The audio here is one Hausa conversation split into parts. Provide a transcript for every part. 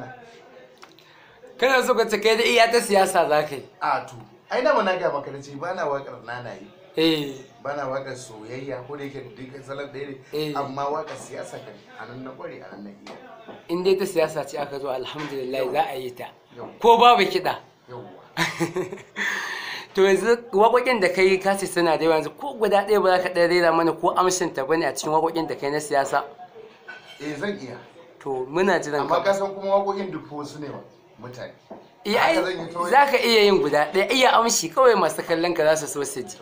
kana kana so ka kai da iya ta siyasa za kai. a to ai da na ga maka ce ba na wakar nanaye eh ba na wakar soyayya ko da yake duk salar da ne eh. amma wakar siyasa kan anan na kware anan na iya in dai ta siyasa ce aka zo alhamdulillah za a yi ta ko babu kiɗa to yanzu waƙoƙin da kai ka ce suna da yanzu ko guda ɗaya ba za ka ɗaya rera mana ko amshin ta bane a cikin waƙoƙin da kai na siyasa eh zan iya to muna jiran amma kasan san kuma waƙoƙin dufo su ne mutane eh, za ka iya yin guda ɗaya iya amshi kawai masu kallon ka za su so su ji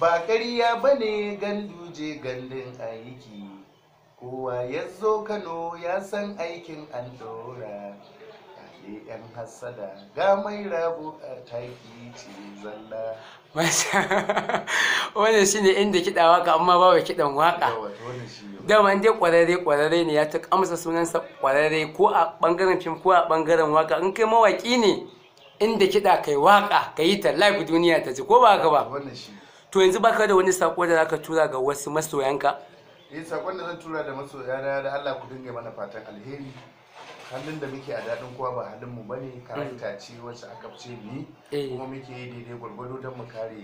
ba kariya ba ne ganduje gandun aiki kowa ya zo kano ya san aikin an ɗora yan hassada ga mai rabu a taki ce zalla wannan shine inda kiɗa waka amma ba wa kiɗan waka dama in dai kwararre kwararre ne ya ta kamsa sunansa kwararre ko a bangaren fim ko a bangaren waka in kai mawaki ne inda kiɗa kai waka ka yi ta live duniya ta ji ko ba ka ba to yanzu baka da wani sako da zaka tura ga wasu masoyanka eh sakon da zan tura da masoyana da Allah ku dinga mana fatan alheri halin da muke a daɗin kowa ba halin mu bane mm. karanta ce wacce aka fice ni eh. kuma muke yi daidai gwargwado don mu kare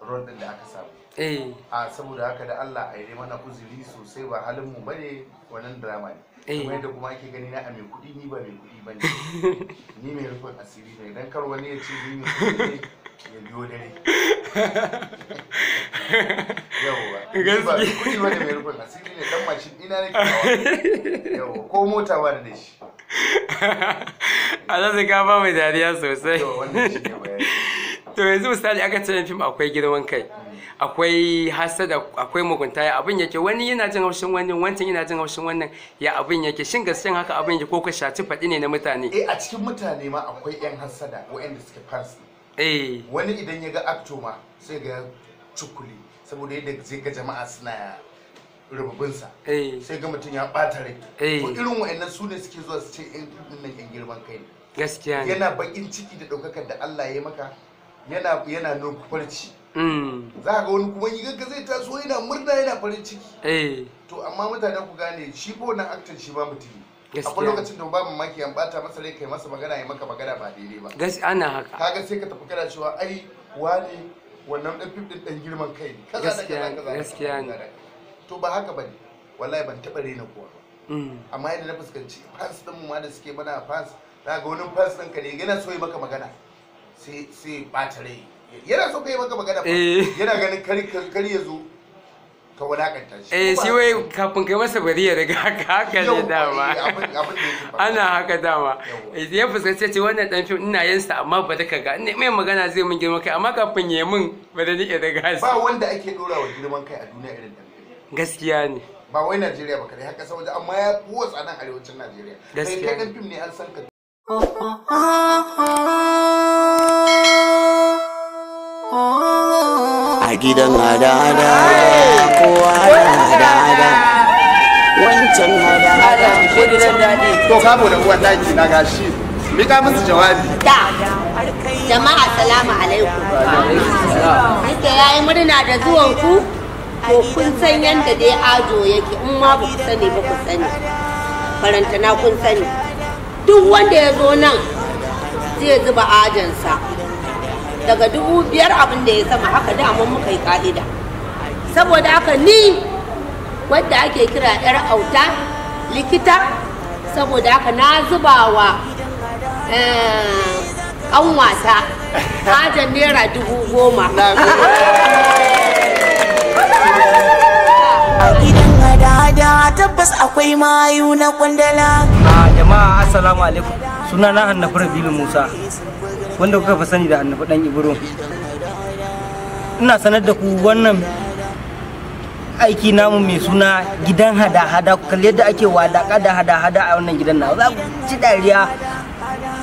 ruwan din da aka samu eh a saboda haka da Allah a yi mana uzuri sosai ba halin mu bane wannan drama ne eh. kuma yadda kuma ake gani na a mai kuɗi ni ba mai kuɗi bane ni mai rufin asiri ne idan kar wani ya ce ni mai kuɗi ne ya biyo dare yawwa ba mai kuɗi bane mai rufin asiri ne dan mashin ina ne kawo yawwa ko mota ba da shi a zai ka ba mai dariya sosai to yanzu misali aka ce fim akwai girman kai akwai hasada akwai mugunta ya abin yake wani yana jin haushin wani wancan yana jin haushin wannan ya abin yake shin gaskiyan haka abin yake ko ka shaci faɗi ne na mutane eh a cikin mutane ma akwai yan hasada waɗanda suke fans eh wani idan ya ga acto ma sai ga cukuli saboda yadda zai ga jama'a suna rububinsa eh. sai ga mutum ya ɓata rai eh. to irin waɗannan su ne suke zuwa su ce yan eh, nan yan girman kai ne gaskiya yana bakin ciki da ɗaukakar da Allah ya yi maka yana yana nuku farci mm. za ka ga wani kuma yi gaggaza zai taso yana murna yana farin ciki eh. to amma mutane ku gane shi ko na actor shi ba mutum akwai lokacin da ba mamaki an bata masa rai kai masa magana ya maka magana ba daidai ba gaskiya ana haka kaga sai ka tafi kana cewa ai wani wannan dan fifth din dan girman kai ne kaza da kaza gaskiya ne to ba haka bane wallahi ban taba rena kowa ba mm. amma yadda na fuskanci fans din mu ma da suke mana fans za ga wani fans din ka ne yana so ya maka magana sai bata rai yana so kai maka magana eh. yana ganin kari ya zo ka wadakanta shi eh shi wai kafin kai masa bari ya riga haka haka ne dama eh, ana haka dama eh, ya fuskanci ce wannan dan fim ina yin sa amma ba ta kaga ne mai magana zai min girman kai amma kafin ya mun ba da nake daga shi ba wanda ake dora wa girman kai a duniya irin dan gaskiya ne ba wai Najeriya ba kai haka saboda amma ya kuwa tsanan arewacin Najeriya kai dan fim ne an san ka a gidan hada-hada kowa hada-hada wancan hada-hada ko kamo da uwan daki na gashi ka musu jawabi da jama'a salamu alaikum ake yayi murna da zuwan ku ko kun san yadda dai ajo yake in ma ba ku sani ba ku sani farantana kun sani duk wanda ya zo nan zai zuba ajansa daga dubu biyar abin da ya sama haka da mun muka yi ka'ida saboda haka ni wadda ake kira yar auta likita saboda haka na zuba wa eh, an wasa hajjar naira dubu goma da tabbas akwai mayu na kwandala. Ah, jama'a assalamu alaikum sunana hannu rabilu musa wanda kuka fi sani da annabi dan ibro ina sanar da ku wannan aiki namu mai suna gidan hada-hada ku kalli yadda ake wadaka da hada-hada a wannan gidan na za ku ci dariya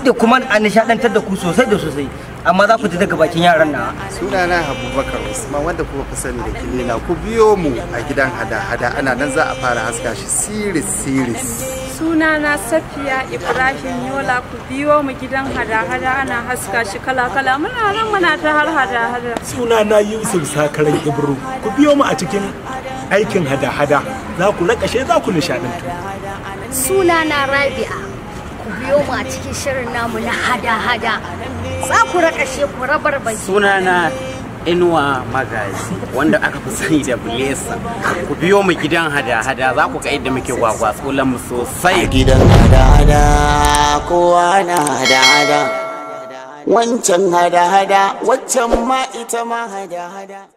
da kuma a nishadantar da ku sosai da sosai amma za ku ji daga bakin yaran na sunana abubakar usman wanda kuka fi sani da kilina ku biyo mu a gidan hada-hada ana nan za a fara haska shi siris siris suna na safiya ibrahim yola ku biyo mu gidan hada-hada ana haska shi kala-kala muna nan muna ta har hada-hada suna na yusuf sakaran ibro ku biyo mu a cikin aikin hada-hada za ku rakashe za ku nishadantu suna na rabi'a ku biyo mu a cikin shirin namu na hada-hada za ku rakashe ku rabar bai suna na inuwa magazi wanda aka fi sani da blesa ku biyo mu gidan hada-hada za ku ga yadda muke gwagwa tsolan mu sosai gidan hada-hada kowa na hada-hada wancan hada-hada waccan ma ita ma hada-hada